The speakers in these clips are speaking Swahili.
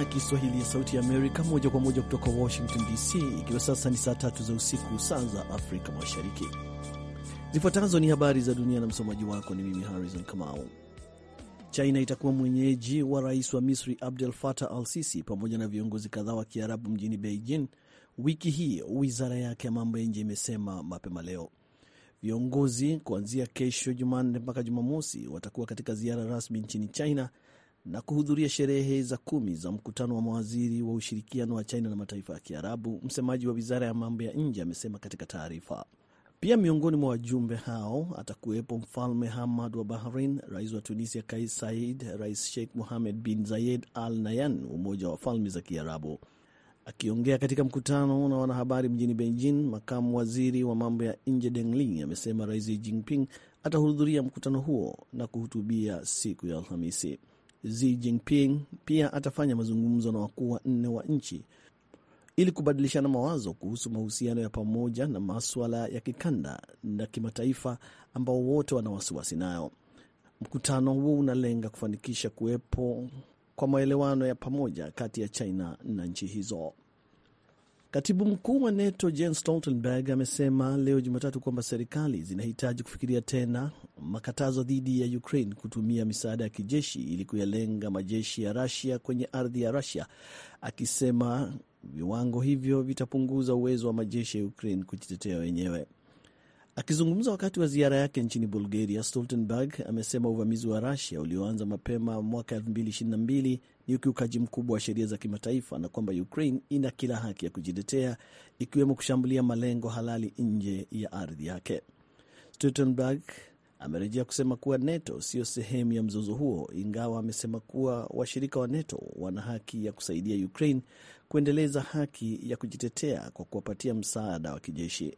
ya Kiswahili ya Sauti ya Amerika moja kwa moja kutoka Washington DC, ikiwa sasa ni saa tatu za usiku saa za Afrika Mashariki. Zifuatazo ni habari za dunia na msomaji wako ni mimi Harrison Kamau. China itakuwa mwenyeji wa rais wa Misri Abdel Fattah Al Sisi pamoja na viongozi kadhaa wa Kiarabu mjini Beijing wiki hii, wizara yake ya mambo ya nje imesema mapema leo. Viongozi kuanzia kesho Jumanne mpaka Jumamosi watakuwa katika ziara rasmi nchini China na kuhudhuria sherehe za kumi za mkutano wa mawaziri wa ushirikiano wa China na mataifa ya Kiarabu. Msemaji wa wizara ya mambo ya nje amesema katika taarifa. Pia miongoni mwa wajumbe hao atakuwepo mfalme Hamad wa Bahrain, rais wa Tunisia Kais Said, rais Sheikh Mohammed bin Zayed Al Nayan, umoja wa falme za Kiarabu. Akiongea katika mkutano na wanahabari mjini Beijing, makamu waziri wa mambo ya nje Deng amesema rais Jinping atahudhuria mkutano huo na kuhutubia siku ya Alhamisi. Xi Jinping pia atafanya mazungumzo na wakuu wanne wa nchi ili kubadilishana mawazo kuhusu mahusiano ya pamoja na maswala ya kikanda na kimataifa ambao wote wana wasiwasi nayo. Mkutano huo unalenga kufanikisha kuwepo kwa maelewano ya pamoja kati ya China na nchi hizo. Katibu mkuu wa NATO Jens Stoltenberg amesema leo Jumatatu kwamba serikali zinahitaji kufikiria tena makatazo dhidi ya Ukraine kutumia misaada ya kijeshi ili kuyalenga majeshi ya Rusia kwenye ardhi ya Rusia, akisema viwango hivyo vitapunguza uwezo wa majeshi ya Ukraine kujitetea wenyewe. Akizungumza wakati wa ziara yake nchini Bulgaria, Stoltenberg amesema uvamizi wa Rusia ulioanza mapema mwaka 2022 ni ukiukaji mkubwa wa sheria za kimataifa na kwamba Ukraine ina kila haki ya kujitetea, ikiwemo kushambulia malengo halali nje ya ardhi yake. Stoltenberg amerejea kusema kuwa NATO siyo sehemu ya mzozo huo, ingawa amesema kuwa washirika wa NATO wana haki ya kusaidia Ukraine kuendeleza haki ya kujitetea kwa kuwapatia msaada wa kijeshi.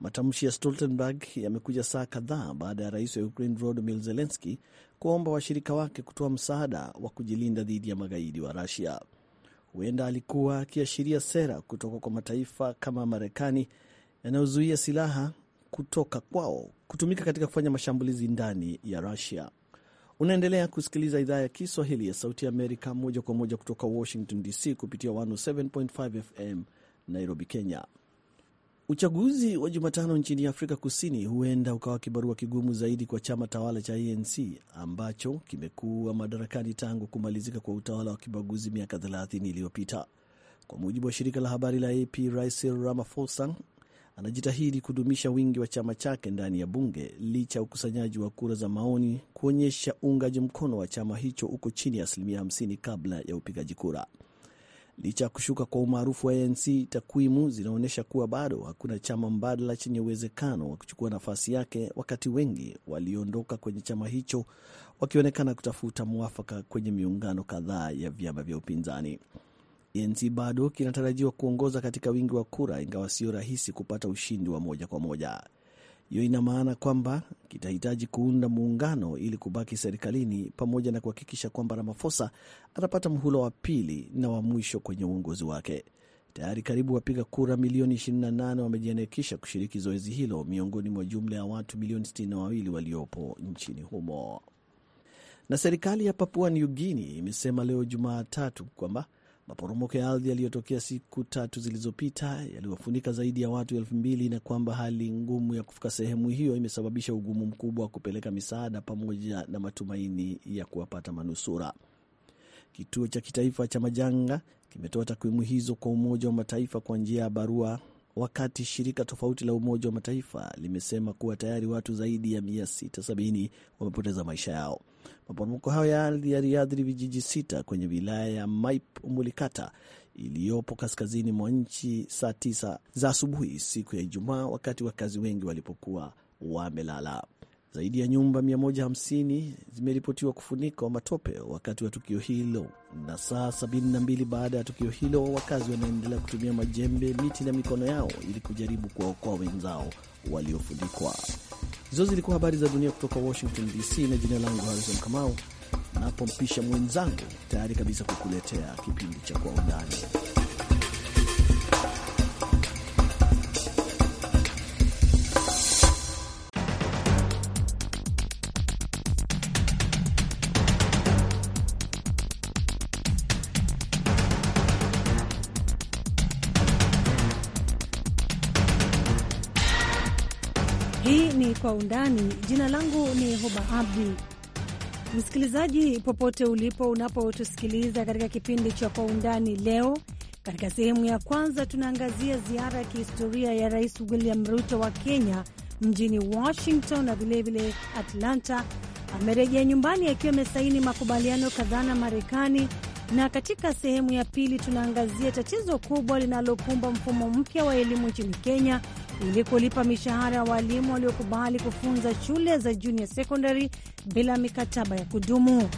Matamshi ya Stoltenberg yamekuja saa kadhaa baada ya rais wa Ukraine Volodymyr Zelensky kuwaomba washirika wake kutoa msaada wa kujilinda dhidi ya magaidi wa Rusia. Huenda alikuwa akiashiria sera kutoka kwa mataifa kama Marekani yanayozuia silaha kutoka kwao kutumika katika kufanya mashambulizi ndani ya Rusia. Unaendelea kusikiliza idhaa ya Kiswahili ya Sauti ya Amerika moja kwa moja kutoka Washington DC kupitia 107.5 FM Nairobi, Kenya. Uchaguzi wa Jumatano nchini Afrika Kusini huenda ukawa kibarua kigumu zaidi kwa chama tawala cha ANC ambacho kimekuwa madarakani tangu kumalizika kwa utawala wa kibaguzi miaka 30 iliyopita. Kwa mujibu wa shirika la habari la AP, Rais Cyril Ramaphosa anajitahidi kudumisha wingi wa chama chake ndani ya bunge licha ya ukusanyaji wa kura za maoni kuonyesha uungaji mkono wa chama hicho uko chini ya asilimia 50 kabla ya upigaji kura. Licha ya kushuka kwa umaarufu wa ANC, takwimu zinaonyesha kuwa bado hakuna chama mbadala chenye uwezekano wa kuchukua nafasi yake, wakati wengi waliondoka kwenye chama hicho wakionekana kutafuta mwafaka kwenye miungano kadhaa ya vyama vya upinzani. ANC bado kinatarajiwa kuongoza katika wingi wa kura, ingawa sio rahisi kupata ushindi wa moja kwa moja. Hiyo ina maana kwamba kitahitaji kuunda muungano ili kubaki serikalini pamoja na kuhakikisha kwamba ramafosa atapata mhula wa pili na wa mwisho kwenye uongozi wake. Tayari karibu wapiga kura milioni 28 wamejiandikisha kushiriki zoezi hilo miongoni mwa jumla ya watu milioni 62 waliopo nchini humo. Na serikali ya Papua New Guinea imesema leo Jumatatu kwamba Maporomoko ya ardhi yaliyotokea siku tatu zilizopita yaliwafunika zaidi ya watu elfu mbili na kwamba hali ngumu ya kufika sehemu hiyo imesababisha ugumu mkubwa wa kupeleka misaada pamoja na matumaini ya kuwapata manusura. Kituo cha kitaifa cha majanga kimetoa takwimu hizo kwa Umoja wa Mataifa kwa njia ya barua, wakati shirika tofauti la Umoja wa Mataifa limesema kuwa tayari watu zaidi ya 670 wamepoteza maisha yao. Maporomoko hayo ya ardhi yaliathiri vijiji sita kwenye wilaya ya Maip Mulikata iliyopo kaskazini mwa nchi saa tisa za asubuhi siku ya Ijumaa, wakati wakazi wengi walipokuwa wamelala. Zaidi ya nyumba 150 zimeripotiwa kufunikwa matope wakati wa tukio hilo, na saa 72 baada ya tukio hilo, wakazi wanaendelea kutumia majembe, miti na mikono yao ili kujaribu kuwaokoa wenzao waliofunikwa. Hizo zilikuwa habari za dunia kutoka Washington DC, na jina langu Harrison Kamau, napompisha mwenzangu tayari kabisa kukuletea kipindi cha Kwa Undani. Kwa Undani. Jina langu ni Huba Abdi. Msikilizaji popote ulipo, unapotusikiliza katika kipindi cha Kwa Undani leo, katika sehemu ya kwanza tunaangazia ziara ya kihistoria ya Rais William Ruto wa Kenya mjini Washington na vilevile Atlanta. Amerejea nyumbani akiwa amesaini makubaliano kadhaa na Marekani, na katika sehemu ya pili tunaangazia tatizo kubwa linalokumba mfumo mpya wa elimu nchini Kenya ili kulipa mishahara ya waalimu waliokubali kufunza shule za junior secondary bila mikataba ya kudumu.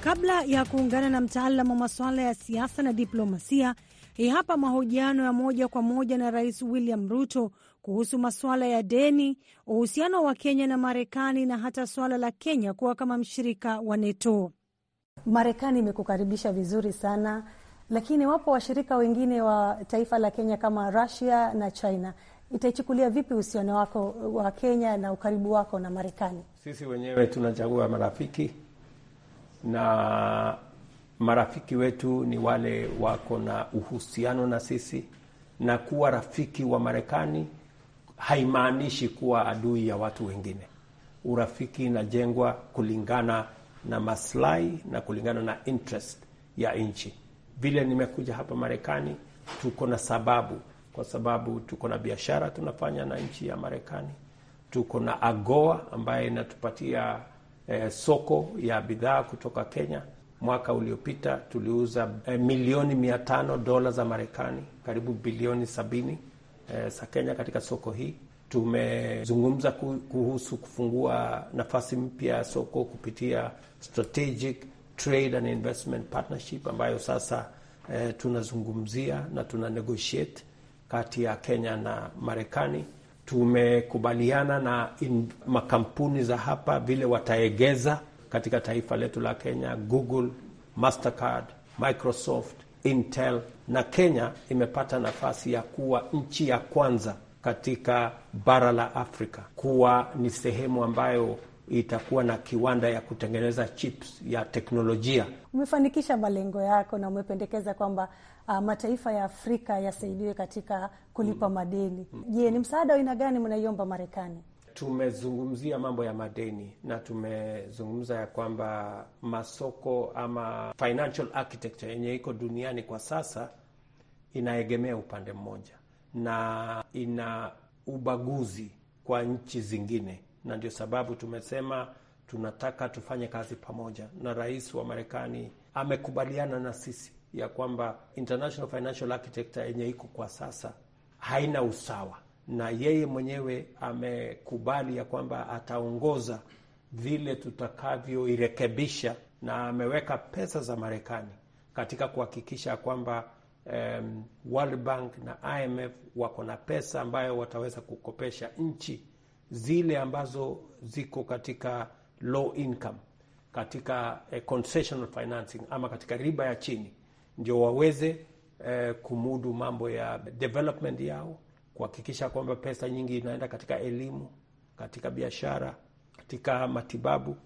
Kabla ya kuungana na mtaalamu wa masuala ya siasa na diplomasia, hii hapa mahojiano ya moja kwa moja na Rais William Ruto kuhusu masuala ya deni, uhusiano wa Kenya na Marekani na hata suala la Kenya kuwa kama mshirika wa NATO. Marekani imekukaribisha vizuri sana, lakini wapo washirika wengine wa taifa la Kenya kama Russia na China. Itaichukulia vipi uhusiano wako wa Kenya na ukaribu wako na Marekani? Sisi wenyewe tunachagua marafiki na marafiki wetu ni wale wako na uhusiano na sisi na kuwa rafiki wa Marekani haimaanishi kuwa adui ya watu wengine. Urafiki inajengwa kulingana na maslahi na kulingana na interest ya nchi. Vile nimekuja hapa Marekani, tuko na sababu, kwa sababu tuko na biashara tunafanya na nchi ya Marekani, tuko na AGOA ambayo inatupatia eh, soko ya bidhaa kutoka Kenya. Mwaka uliopita tuliuza eh, milioni mia tano dola za Marekani, karibu bilioni sabini e, za Kenya katika soko hii. Tumezungumza kuhusu kufungua nafasi mpya ya soko kupitia strategic trade and investment partnership ambayo sasa e, tunazungumzia na tuna negotiate kati ya Kenya na Marekani. Tumekubaliana na in, makampuni za hapa vile wataegeza katika taifa letu la Kenya, Google, Mastercard, Microsoft Intel na Kenya imepata nafasi ya kuwa nchi ya kwanza katika bara la Afrika kuwa ni sehemu ambayo itakuwa na kiwanda ya kutengeneza chips ya teknolojia. Umefanikisha malengo yako na umependekeza kwamba uh, mataifa ya Afrika yasaidiwe katika kulipa mm. madeni. Mm. Je, ni msaada wa aina gani mnaiomba Marekani? tumezungumzia mambo ya madeni na tumezungumza ya kwamba masoko ama financial architecture yenye iko duniani kwa sasa inaegemea upande mmoja na ina ubaguzi kwa nchi zingine, na ndio sababu tumesema tunataka tufanye kazi pamoja, na rais wa Marekani amekubaliana na sisi ya kwamba international financial architecture yenye iko kwa sasa haina usawa na yeye mwenyewe amekubali ya kwamba ataongoza vile tutakavyoirekebisha, na ameweka pesa za Marekani katika kuhakikisha kwamba um, World Bank na IMF wako na pesa ambayo wataweza kukopesha nchi zile ambazo ziko katika low income, katika uh, concessional financing ama katika riba ya chini, ndio waweze uh, kumudu mambo ya development yao kuhakikisha kwamba pesa nyingi inaenda katika elimu, katika biashara, katika matibabu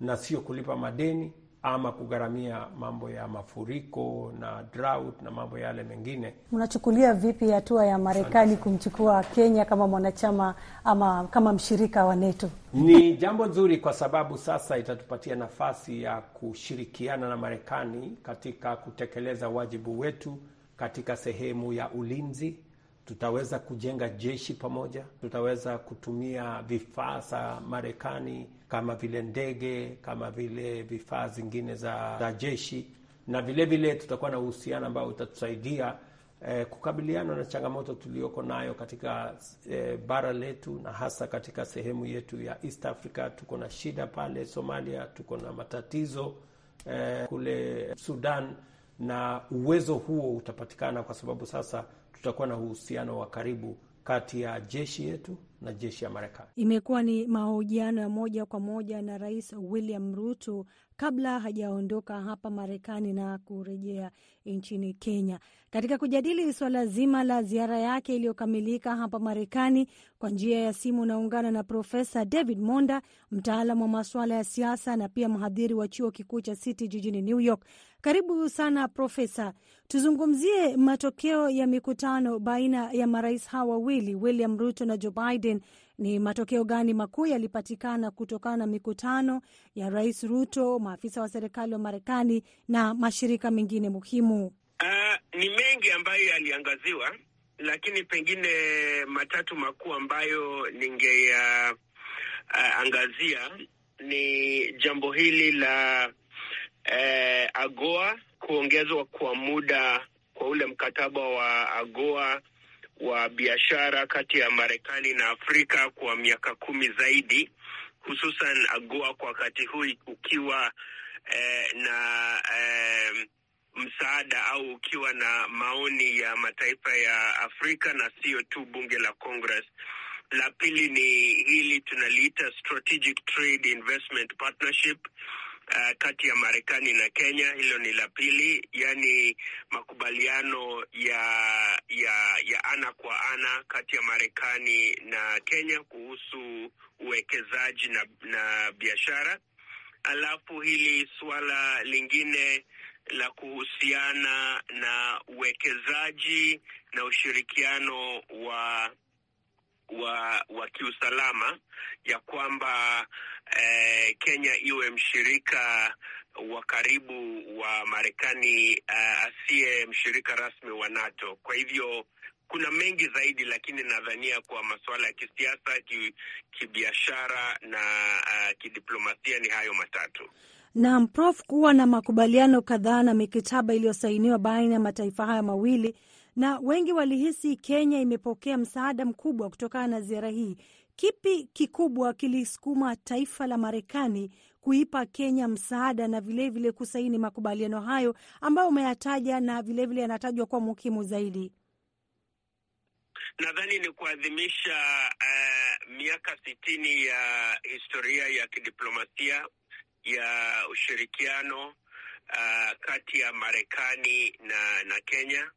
na sio kulipa madeni ama kugharamia mambo ya mafuriko na drought na mambo yale mengine. Unachukulia vipi hatua ya Marekani kumchukua Kenya kama mwanachama ama kama mshirika wa NATO? Ni jambo nzuri kwa sababu sasa itatupatia nafasi ya kushirikiana na Marekani katika kutekeleza wajibu wetu katika sehemu ya ulinzi tutaweza kujenga jeshi pamoja, tutaweza kutumia vifaa za Marekani kama vile ndege, kama vile vifaa zingine za, za jeshi, na vilevile vile tutakuwa na uhusiano ambao utatusaidia eh, kukabiliana na changamoto tuliyoko nayo katika eh, bara letu na hasa katika sehemu yetu ya East Africa. Tuko na shida pale Somalia, tuko na matatizo eh, kule Sudan, na uwezo huo utapatikana kwa sababu sasa tutakuwa na uhusiano wa karibu kati ya jeshi yetu na jeshi ya Marekani. Imekuwa ni mahojiano ya moja kwa moja na Rais William Ruto kabla hajaondoka hapa Marekani na kurejea nchini Kenya. Katika kujadili swala zima la ziara yake iliyokamilika hapa Marekani, kwa njia ya simu unaungana na Profesa David Monda, mtaalam wa masuala ya siasa na pia mhadhiri wa chuo kikuu cha City jijini New York. Karibu sana Profesa, tuzungumzie matokeo ya mikutano baina ya marais hawa wawili, William Ruto na Joe Biden ni matokeo gani makuu yalipatikana kutokana na mikutano ya Rais Ruto, maafisa wa serikali wa Marekani na mashirika mengine muhimu? Uh, ni mengi ambayo yaliangaziwa, lakini pengine matatu makuu ambayo ningeyaangazia uh, uh, ni jambo hili la uh, AGOA kuongezwa kwa muda kwa ule mkataba wa AGOA wa biashara kati ya Marekani na Afrika kwa miaka kumi zaidi, hususan AGOA kwa wakati huu ukiwa eh, na eh, msaada au ukiwa na maoni ya mataifa ya Afrika na sio tu bunge la Congress. La pili ni hili tunaliita Strategic Trade Investment Partnership uh, kati ya Marekani na Kenya. Hilo ni la pili, yaani makubaliano ya ya ya ana kwa ana kati ya Marekani na Kenya kuhusu uwekezaji na, na biashara. Alafu hili suala lingine la kuhusiana na uwekezaji na ushirikiano wa wa wa kiusalama ya kwamba eh, Kenya iwe mshirika wa karibu wa Marekani eh, asiye mshirika rasmi wa NATO. Kwa hivyo kuna mengi zaidi, lakini nadhania kwa masuala ya kisiasa, kibiashara na uh, kidiplomasia ni hayo matatu. Naam, Prof, kuwa na makubaliano kadhaa na mikataba iliyosainiwa baina ya mataifa haya mawili na wengi walihisi Kenya imepokea msaada mkubwa kutokana na ziara hii. Kipi kikubwa kilisukuma taifa la Marekani kuipa Kenya msaada na vilevile vile kusaini makubaliano hayo ambayo umeyataja na vilevile yanatajwa kuwa muhimu zaidi? Nadhani ni kuadhimisha uh, miaka sitini ya historia ya kidiplomasia ya ushirikiano uh, kati ya Marekani na na Kenya.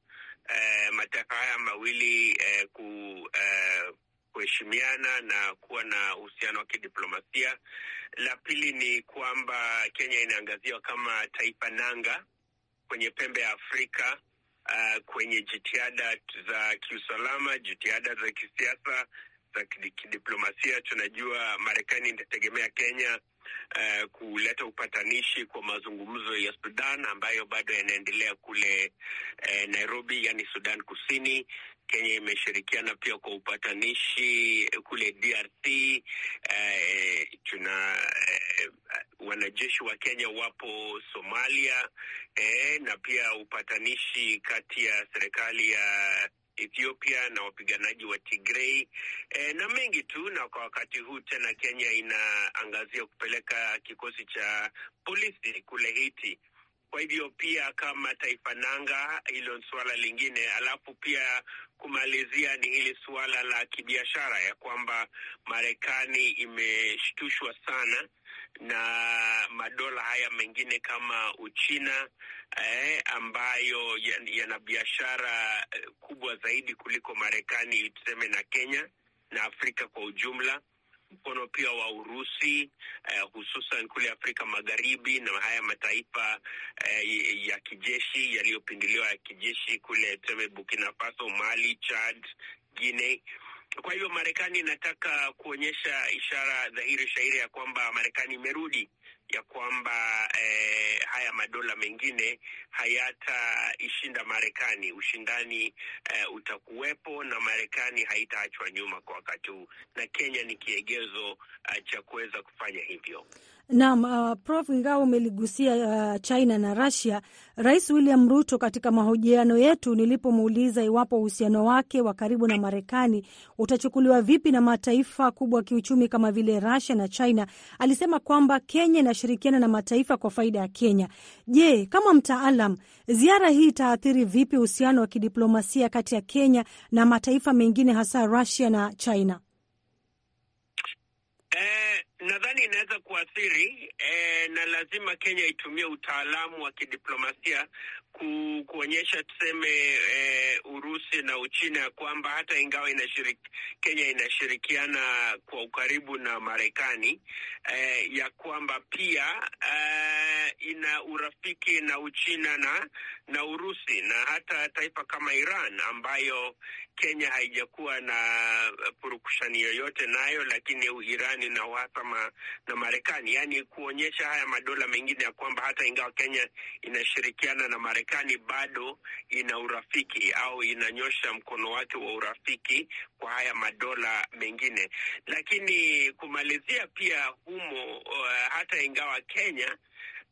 Uh, mataifa haya mawili uh, ku, uh, kuheshimiana na kuwa na uhusiano wa kidiplomasia. La pili ni kwamba Kenya inaangaziwa kama taifa nanga kwenye pembe ya Afrika uh, kwenye jitihada za kiusalama, jitihada za kisiasa, za kidiplomasia. Tunajua Marekani inategemea Kenya Uh, kuleta upatanishi kwa mazungumzo ya Sudan ambayo bado yanaendelea kule uh, Nairobi, yani Sudan Kusini. Kenya imeshirikiana pia kwa upatanishi kule DRC. Eh, tuna eh, wanajeshi wa Kenya wapo Somalia eh, na pia upatanishi kati ya serikali ya Ethiopia na wapiganaji wa Tigray e, na mengi tu. Na kwa wakati huu tena Kenya inaangazia kupeleka kikosi cha polisi kule Haiti. Kwa hivyo pia kama taifa nanga, hilo ni suala lingine. Alafu pia kumalizia ni hili suala la kibiashara ya kwamba Marekani imeshtushwa sana na madola haya mengine kama Uchina eh, ambayo yana biashara eh, kubwa zaidi kuliko Marekani tuseme na Kenya na Afrika kwa ujumla mkono pia wa Urusi eh, hususan kule Afrika Magharibi na haya mataifa eh, ya kijeshi yaliyopinduliwa ya kijeshi kule tuseme Burkina Faso, Mali, Chad, Guinea. Kwa hivyo Marekani inataka kuonyesha ishara dhahiri shahiri ya kwamba Marekani imerudi ya kwamba eh, haya madola mengine hayataishinda Marekani. Ushindani eh, utakuwepo na Marekani haitaachwa nyuma kwa wakati huu, na Kenya ni kiegezo eh, cha kuweza kufanya hivyo. Naam, uh, Prof ingawa umeligusia uh, China na Russia, Rais William Ruto katika mahojiano yetu nilipomuuliza iwapo uhusiano wake wa karibu na Marekani utachukuliwa vipi na mataifa kubwa kiuchumi kama vile Russia na China, alisema kwamba Kenya inashirikiana na mataifa kwa faida ya Kenya. Je, kama mtaalam, ziara hii itaathiri vipi uhusiano wa kidiplomasia kati ya Kenya na mataifa mengine hasa Russia na China? inaweza kuathiri e, na lazima Kenya itumie utaalamu wa kidiplomasia ku, kuonyesha tuseme, e, Urusi na Uchina ya kwamba hata ingawa inashirik, Kenya inashirikiana kwa ukaribu na Marekani e, ya kwamba pia e, ina urafiki na Uchina na na Urusi na hata taifa kama Iran ambayo Kenya haijakuwa na eh, purukushani yoyote nayo, lakini Iran ina uhasama na Marekani, yaani kuonyesha haya madola mengine ya kwamba hata ingawa Kenya inashirikiana na Marekani bado ina urafiki au inanyosha mkono wake wa urafiki kwa haya madola mengine. Lakini kumalizia pia humo, uh, hata ingawa Kenya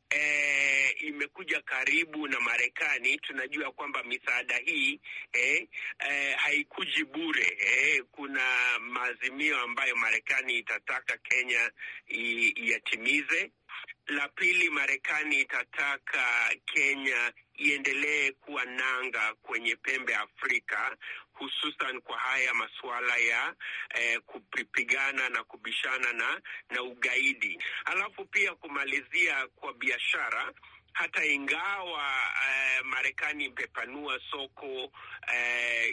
e, imekuja karibu na Marekani. Tunajua kwamba misaada hii e, e, haikuji bure e, kuna maazimio ambayo Marekani itataka Kenya iyatimize. yatimize. La pili, Marekani itataka Kenya iendelee kuwa nanga kwenye pembe ya Afrika hususan kwa haya masuala ya eh, kupigana na kubishana na na ugaidi. Alafu pia kumalizia kwa biashara hata ingawa uh, Marekani imepanua soko uh,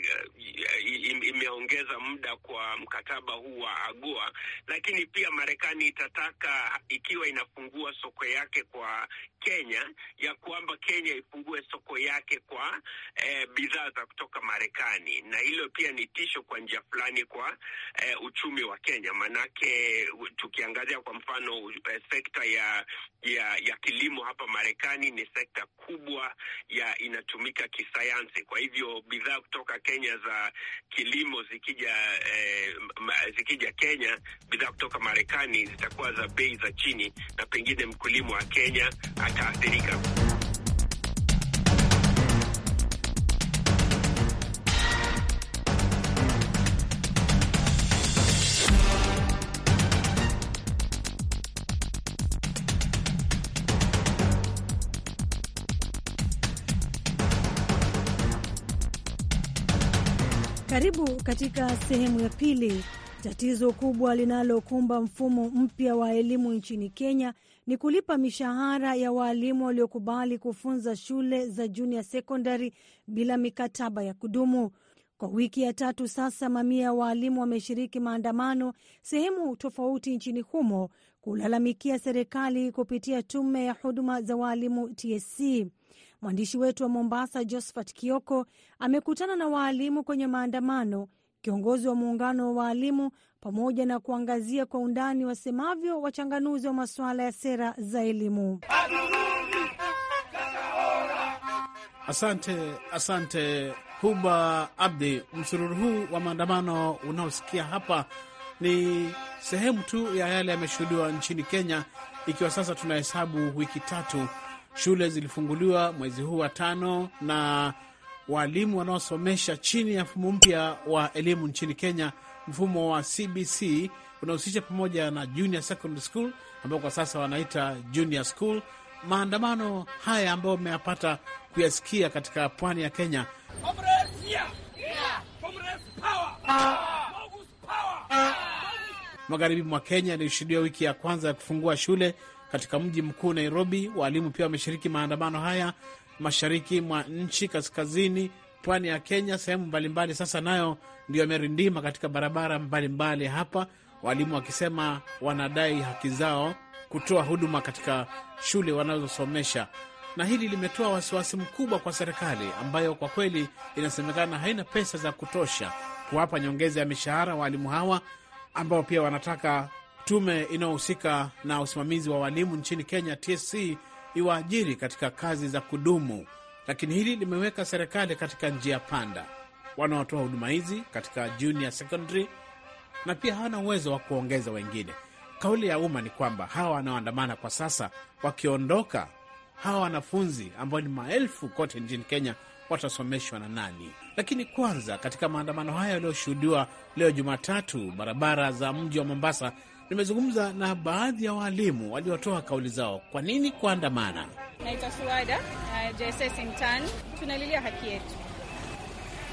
imeongeza muda kwa mkataba huu wa AGOA, lakini pia Marekani itataka ikiwa inafungua soko yake kwa Kenya ya kwamba Kenya ifungue soko yake kwa uh, bidhaa za kutoka Marekani, na hilo pia ni tisho kwa njia fulani kwa uh, uchumi wa Kenya. Maanake tukiangazia kwa mfano uh, sekta ya, ya, ya kilimo hapa Marekani Marekani ni sekta kubwa ya inatumika kisayansi. Kwa hivyo bidhaa kutoka Kenya za kilimo zikija eh, zikija Kenya, bidhaa kutoka Marekani zitakuwa za bei za chini, na pengine mkulima wa Kenya ataathirika. Karibu katika sehemu ya pili. Tatizo kubwa linalokumba mfumo mpya wa elimu nchini Kenya ni kulipa mishahara ya waalimu waliokubali kufunza shule za junior secondary bila mikataba ya kudumu. Kwa wiki ya tatu sasa, mamia ya waalimu wameshiriki maandamano sehemu tofauti nchini humo kulalamikia serikali kupitia tume ya huduma za waalimu TSC. Mwandishi wetu wa Mombasa, Josephat Kioko, amekutana na waalimu kwenye maandamano, kiongozi wa muungano wa waalimu, pamoja na kuangazia kwa undani wasemavyo wachanganuzi wa masuala ya sera za elimu. Asante, asante Huba Abdi. Msururu huu wa maandamano unaosikia hapa ni sehemu tu ya yale yameshuhudiwa nchini Kenya, ikiwa sasa tunahesabu wiki tatu Shule zilifunguliwa mwezi huu wa tano na walimu wanaosomesha chini ya mfumo mpya wa elimu nchini Kenya, mfumo wa CBC unahusisha pamoja na junior secondary school ambao kwa sasa wanaita junior school. Maandamano haya ambayo ameyapata kuyasikia katika pwani ya Kenya magharibi mwa Kenya ilishuhudia wiki ya kwanza ya kufungua shule katika mji mkuu Nairobi. Waalimu pia wameshiriki maandamano haya mashariki mwa nchi, kaskazini, pwani ya Kenya, sehemu mbalimbali. Sasa nayo ndio yamerindima katika barabara mbalimbali mbali hapa, waalimu wakisema wanadai haki zao kutoa huduma katika shule wanazosomesha na hili limetoa wasiwasi mkubwa kwa serikali ambayo kwa kweli inasemekana haina pesa za kutosha kuwapa nyongeza ya mishahara waalimu hawa ambao pia wanataka tume inayohusika na usimamizi wa walimu nchini Kenya, TSC, iwaajiri katika kazi za kudumu, lakini hili limeweka serikali katika njia panda. Wanaotoa huduma hizi katika junior secondary na pia hawana uwezo wa kuongeza wengine. Kauli ya umma ni kwamba hawa wanaoandamana kwa sasa wakiondoka, hawa wanafunzi ambao ni maelfu kote nchini Kenya watasomeshwa na nani? Lakini kwanza, katika maandamano haya yaliyoshuhudiwa leo Jumatatu, barabara za mji wa Mombasa nimezungumza na baadhi ya waalimu waliotoa kauli zao kwa nini kuandamana. Naitwa Suada uh, JSS intern. Tunalilia haki yetu.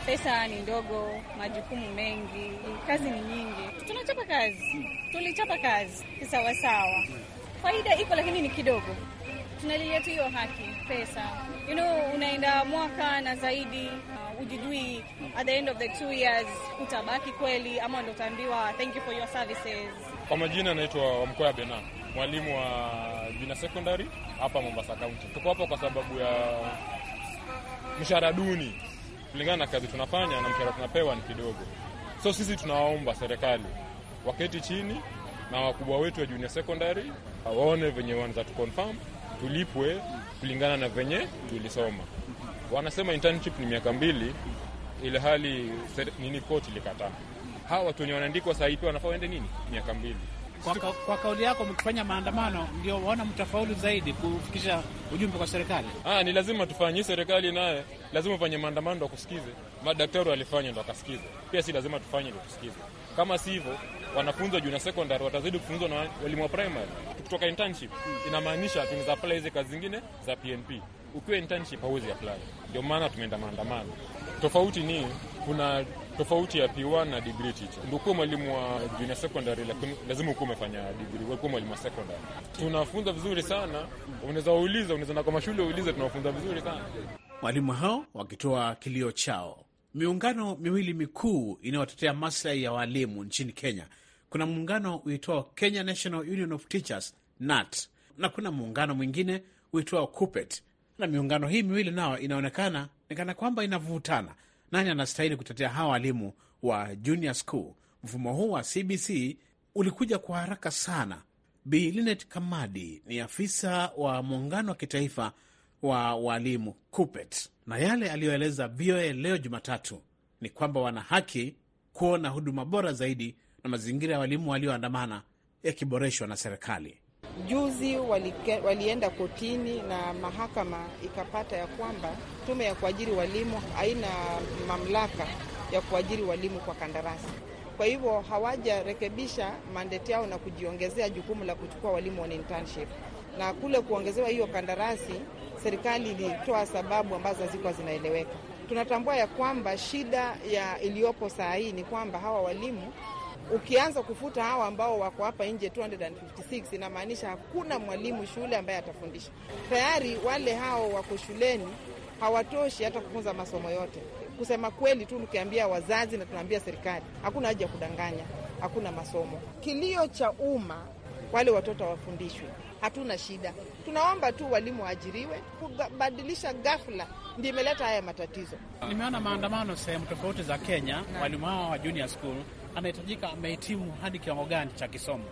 Pesa ni ndogo, majukumu mengi, kazi ni nyingi. Tunachapa kazi, tulichapa kazi kisawasawa faida iko lakini ni kidogo. Tunalilia tu hiyo haki, pesa you know, unaenda mwaka na zaidi uh, ujijui at the end of the two years utabaki kweli ama ndo utaambiwa thank you for your services kwa majina anaitwa Wamkoya Bena, mwalimu wa Jina Secondary hapa Mombasa County. Tuko hapa kwa sababu ya mshahara duni, kulingana na kazi tunafanya na mshahara tunapewa ni kidogo. So sisi tunawaomba serikali waketi chini na wakubwa wetu wa Junior Secondary waone venye wanaweza confirm tulipwe kulingana na venye tulisoma. Wanasema internship ni miaka mbili, hali nini, court ilikataa hawa watu wenye wanaandikwa saa hii pia wanafaa waende nini miaka mbili. Kwa, ka, kwa kauli yako mkifanya maandamano ndio waona mtafaulu zaidi kufikisha ujumbe kwa serikali? Ah, ni lazima tufanye, serikali naye lazima ufanye maandamano ndo kusikize. Madaktari walifanya ndo akasikize, pia si lazima tufanye ndo kusikize. Kama si hivyo, wanafunzi wa junior secondary watazidi kufunzwa na walimu wa primary. Tukitoka internship, inamaanisha tunaweza apply hizi kazi zingine za PNP. Ukiwa internship hauwezi apply, ndio maana tumeenda maandamano. Tofauti ni kuna tofauti ya P1 na degree teacher. Ndio mwalimu wa junior secondary, lakini lazima ukuwa umefanya degree, wewe mwalimu wa secondary. Tunafunza vizuri sana, unaweza uliza, unaweza na kama shule uliza, tunafunza vizuri sana. Walimu hao wakitoa kilio chao. Miungano miwili mikuu inayotetea maslahi ya walimu nchini Kenya, kuna muungano uitwao Kenya National Union of Teachers NAT, na kuna muungano mwingine uitwao KUPET, na miungano hii miwili nao inaonekana ni kana kwamba inavutana nani anastahili kutetea hawa walimu wa junior school? Mfumo huu wa CBC ulikuja kwa haraka sana. Bi Linet Kamadi ni afisa wa muungano wa kitaifa wa walimu cupet na yale aliyoeleza VOA leo Jumatatu ni kwamba wana haki kuona huduma bora zaidi na mazingira ya walimu walioandamana yakiboreshwa na serikali. Juzi walike, walienda kotini na mahakama ikapata ya kwamba tume ya kuajiri walimu haina mamlaka ya kuajiri walimu kwa kandarasi. Kwa hivyo hawajarekebisha mandeti yao na kujiongezea jukumu la kuchukua walimu on internship, na kule kuongezewa hiyo kandarasi, serikali ilitoa sababu ambazo hazikuwa zinaeleweka. Tunatambua ya kwamba shida ya iliyopo saa hii ni kwamba hawa walimu Ukianza kufuta hawa ambao wako hapa nje 256 inamaanisha hakuna mwalimu shule ambaye atafundisha. Tayari wale hao wako shuleni hawatoshi hata kufunza masomo yote. Kusema kweli tu, tukiambia wazazi na tunaambia serikali, hakuna haja ya kudanganya, hakuna masomo. Kilio cha umma, wale watoto wafundishwe. Hatuna shida, tunaomba tu walimu waajiriwe. Kubadilisha ghafla ndio imeleta haya matatizo. Nimeona maandamano sehemu tofauti za Kenya, walimu hao wa junior school anahitajika amehitimu hadi kiwango gani cha kisomo?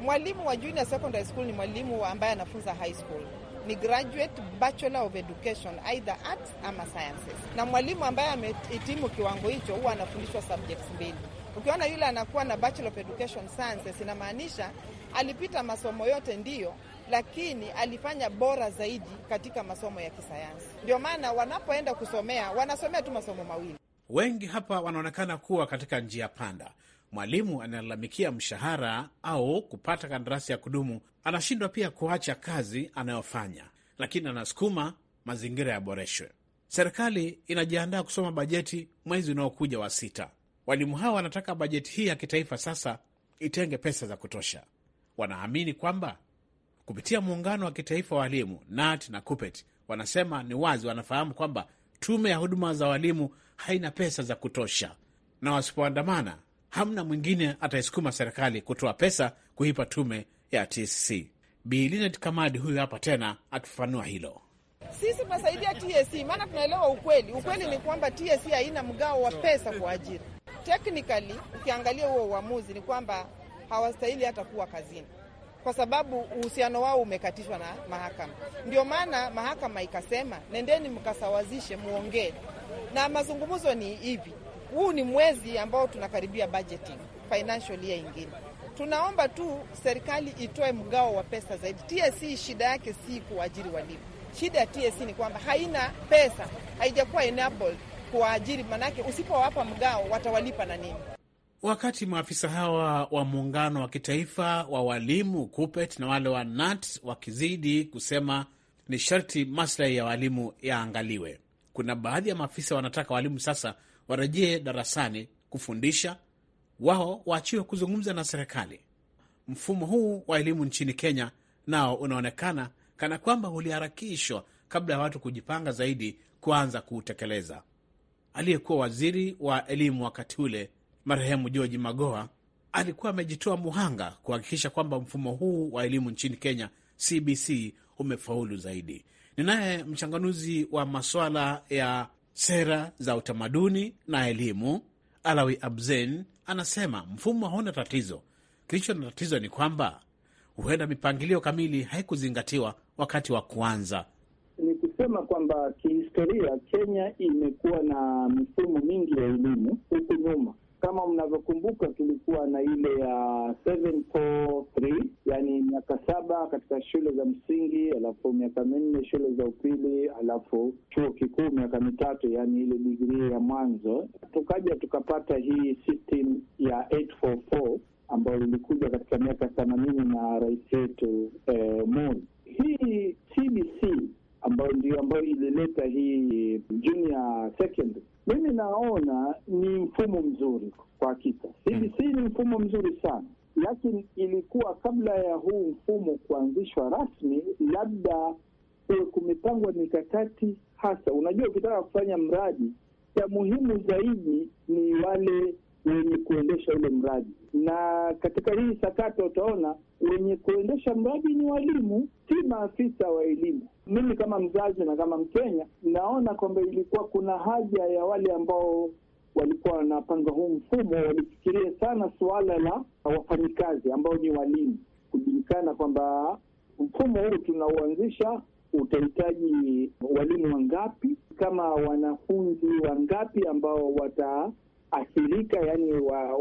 Mwalimu wa junior secondary school ni mwalimu ambaye anafunza high school ni graduate bachelor of education either arts ama sciences. Na mwalimu ambaye amehitimu kiwango hicho huwa anafundishwa subjects mbili. Ukiona yule anakuwa na bachelor of education sciences, inamaanisha alipita masomo yote ndiyo, lakini alifanya bora zaidi katika masomo ya kisayansi. Ndio maana wanapoenda kusomea wanasomea tu masomo mawili. Wengi hapa wanaonekana kuwa katika njia panda. Mwalimu analalamikia mshahara au kupata kandarasi ya kudumu, anashindwa pia kuacha kazi anayofanya, lakini anasukuma mazingira yaboreshwe. Serikali inajiandaa kusoma bajeti mwezi unaokuja wa sita. Walimu hawa wanataka bajeti hii ya kitaifa sasa itenge pesa za kutosha. Wanaamini kwamba kupitia muungano wa kitaifa wa walimu NAT na KUPET, wanasema ni wazi, wanafahamu kwamba tume ya huduma za walimu haina pesa za kutosha, na wasipoandamana hamna mwingine ataisukuma serikali kutoa pesa kuipa tume ya TSC. Bi Linet Kamadi huyu hapa tena akifafanua hilo. Sisi tunasaidia TSC maana tunaelewa ukweli. Ukweli ni kwamba TSC haina mgao wa pesa kwa ajira. Technically ukiangalia huo uamuzi ni kwamba hawastahili hata kuwa kazini, kwa sababu uhusiano wao umekatishwa na mahakama. Ndio maana mahakama ikasema nendeni mkasawazishe, muongee na mazungumzo ni hivi, huu ni mwezi ambao tunakaribia budgeting financial year ingine. Tunaomba tu serikali itoe mgao wa pesa zaidi. TSC shida yake si kuajiri walimu, shida ya TSC ni kwamba haina pesa, haijakuwa enabled kuwaajiri, manake usipowapa mgao watawalipa na nini? Wakati maafisa hawa wa muungano wa kitaifa wa walimu KUPET na wale wa NAT wakizidi kusema ni sharti maslahi ya walimu yaangaliwe kuna baadhi ya maafisa wanataka walimu sasa warejee darasani kufundisha, wao waachiwe kuzungumza na serikali. Mfumo huu wa elimu nchini Kenya nao unaonekana kana kwamba uliharakishwa kabla ya watu kujipanga zaidi kuanza kuutekeleza. Aliyekuwa waziri wa elimu wakati ule marehemu George magoa alikuwa amejitoa muhanga kuhakikisha kwamba mfumo huu wa elimu nchini Kenya, CBC, umefaulu zaidi. Ninaye mchanganuzi wa maswala ya sera za utamaduni na elimu, Alawi Abzen, anasema mfumo hauna tatizo. Kilicho na tatizo ni kwamba huenda mipangilio kamili haikuzingatiwa wakati wa kuanza. Ni kusema kwamba kihistoria, Kenya imekuwa na mifumo mingi ya elimu huku nyuma kama mnavyokumbuka, tulikuwa na ile ya 743 yani miaka saba katika shule za msingi, alafu miaka minne shule za upili, alafu chuo kikuu miaka mitatu, yani ile digrii ya mwanzo. Tukaja tukapata hii system ya 844 ambayo ilikuja katika miaka themanini na rais wetu eh, Moi. Hii CBC ambayo ndio ambayo ilileta hii junior secondary mimi naona ni mfumo mzuri kwa hakika, hivi hmm. si ni mfumo mzuri sana lakini ilikuwa kabla ya huu mfumo kuanzishwa rasmi, labda kumepangwa mikakati hasa. Unajua, ukitaka kufanya mradi cha muhimu zaidi ni wale wenye kuendesha ule mradi. Na katika hii sakata utaona wenye kuendesha mradi ni walimu, si maafisa wa elimu. Mimi kama mzazi na kama Mkenya naona kwamba ilikuwa kuna haja ya wale ambao walikuwa wanapanga huu mfumo walifikiria sana suala la wafanyikazi ambao ni walimu, kujulikana kwamba mfumo huu tunauanzisha utahitaji walimu wangapi, kama wanafunzi wangapi ambao wata wataathirika, yani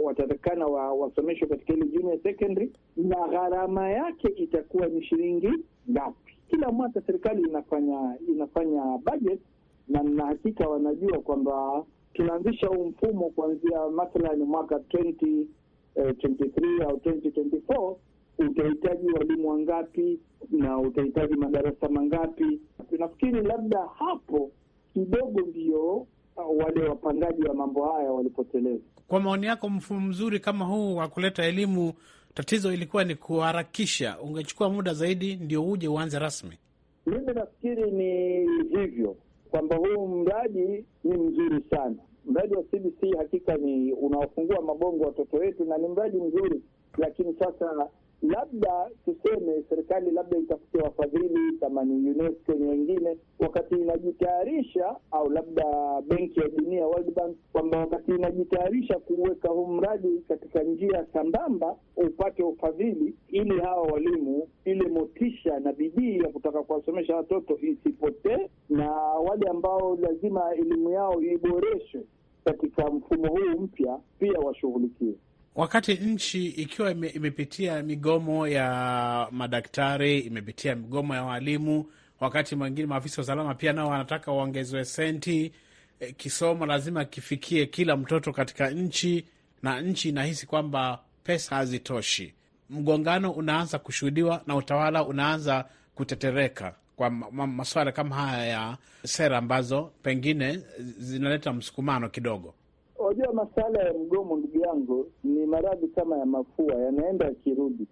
watatakana wasomeshwe katika ile junior secondary, na gharama yake itakuwa ni shilingi ngapi? Kila mwaka serikali inafanya inafanya budget, na ninahakika wanajua kwamba tunaanzisha huu mfumo kuanzia mathalani mwaka 2023 eh, au 2024 utahitaji walimu wangapi na utahitaji madarasa mangapi. Nafikiri labda hapo kidogo ndiyo wale wapangaji wa mambo haya walipoteleza. Kwa maoni yako, mfumo mzuri kama huu wa kuleta elimu, tatizo ilikuwa ni kuharakisha, ungechukua muda zaidi ndio uje uanze rasmi? Mimi nafikiri ni hivyo kwamba huu mradi ni mzuri sana. Mradi wa CBC hakika ni unaofungua mabongo watoto wetu na ni mradi mzuri, lakini sasa labda tuseme serikali labda itafute wafadhili kama ni UNESCO ni wengine, wakati inajitayarisha au labda benki ya dunia World Bank, kwamba wakati inajitayarisha kuweka huu mradi katika njia sambamba, upate ufadhili ili hawa walimu, ile motisha na bidii ya kutaka kuwasomesha watoto isipotee, na wale ambao lazima elimu yao iboreshwe katika mfumo huu mpya pia washughulikiwe wakati nchi ikiwa ime, imepitia migomo ya madaktari, imepitia migomo ya walimu, wakati mwingine maafisa wa usalama pia nao wanataka waongezwe senti. E, kisomo lazima kifikie kila mtoto katika nchi, na nchi inahisi kwamba pesa hazitoshi. Mgongano unaanza kushuhudiwa na utawala unaanza kutetereka kwa maswala kama haya ya sera ambazo pengine zinaleta msukumano kidogo. Wajua, masuala ya mgomo, ndugu yangu, ni maradhi kama ya mafua, yanaenda yakirudi.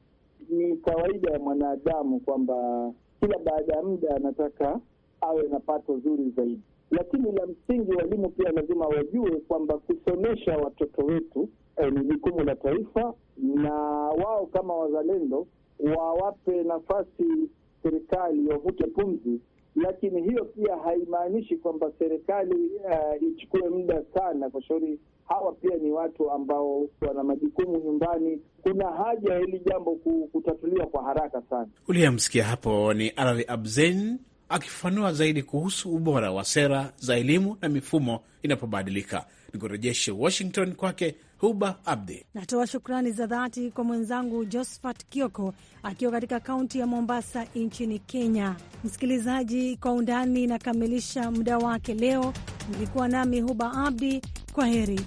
Ni kawaida ya mwanadamu kwamba kila baada ya muda anataka awe na pato zuri zaidi, lakini la msingi, walimu pia lazima wajue kwamba kusomesha watoto wetu eh, ni jukumu la taifa, na wao kama wazalendo wawape nafasi serikali wavute pumzi lakini hiyo pia haimaanishi kwamba serikali uh, ichukue muda sana kwa shauri hawa pia ni watu ambao wana majukumu nyumbani. Kuna haja ya hili jambo kutatuliwa kwa haraka sana. Uliyemsikia hapo ni Arari Abzen akifafanua zaidi kuhusu ubora wa sera za elimu na mifumo inapobadilika ni kurejeshe Washington kwake Huba Abdi. Natoa shukrani za dhati kwa mwenzangu Josphat Kioko akiwa katika kaunti ya Mombasa nchini Kenya. Msikilizaji, kwa undani inakamilisha muda wake leo. Mlikuwa nami Huba Abdi, kwa heri.